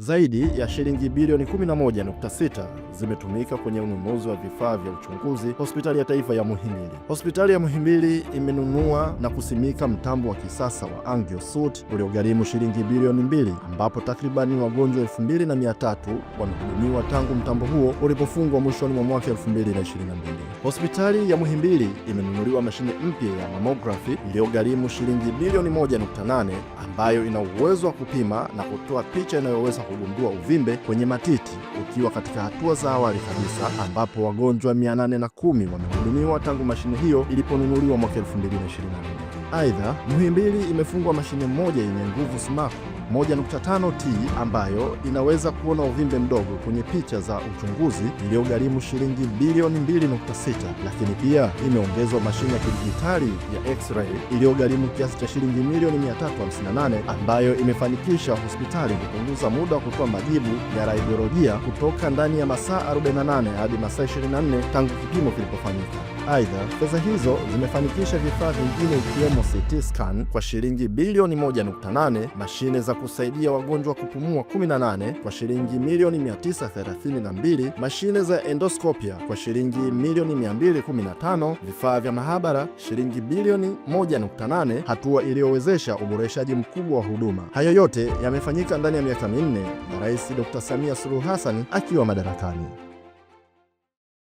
Zaidi ya shilingi bilioni 11.6 zimetumika kwenye ununuzi wa vifaa vya uchunguzi hospitali ya taifa ya Muhimbili. Hospitali ya Muhimbili imenunua na kusimika mtambo wa kisasa wa AngioSuit uliogharimu shilingi bilioni mbili, ambapo takribani wagonjwa 2300 wamehudumiwa tangu mtambo huo ulipofungwa mwishoni mwa mwaka 2022. Hospitali ya Muhimbili imenunuliwa mashine mpya ya mamografi iliyogharimu shilingi bilioni 1.8 ambayo ina uwezo wa kupima na kutoa picha inayoweza kugundua uvimbe kwenye matiti ukiwa katika hatua za awali kabisa, ambapo wagonjwa 810 wamehudumiwa tangu mashine hiyo iliponunuliwa mwaka 2024. Aidha, Muhimbili imefungwa mashine moja yenye nguvu sumaku 1.5T ambayo inaweza kuona uvimbe mdogo kwenye picha za uchunguzi iliyogharimu shilingi bilioni 2.6, lakini pia imeongezwa mashine ya kidijitali ya X-ray iliyogharimu kiasi cha shilingi milioni 358 ambayo imefanikisha hospitali kupunguza muda wa kutoa majibu ya radiolojia kutoka ndani ya masaa 48 hadi masaa 24 tangu kipimo kilipofanyika. Aidha, fedha hizo zimefanikisha vifaa vingine ikiwemo CT scan kwa shilingi bilioni 1.8, mashine za kusaidia wagonjwa kupumua 18 kwa shilingi milioni 932, mashine za endoskopia kwa shilingi milioni 215, vifaa vya mahabara shilingi bilioni 1.8, hatua iliyowezesha uboreshaji mkubwa wa huduma. Hayo yote yamefanyika ndani ya miaka minne na Rais Dr. Samia Suluhu Hassan akiwa madarakani.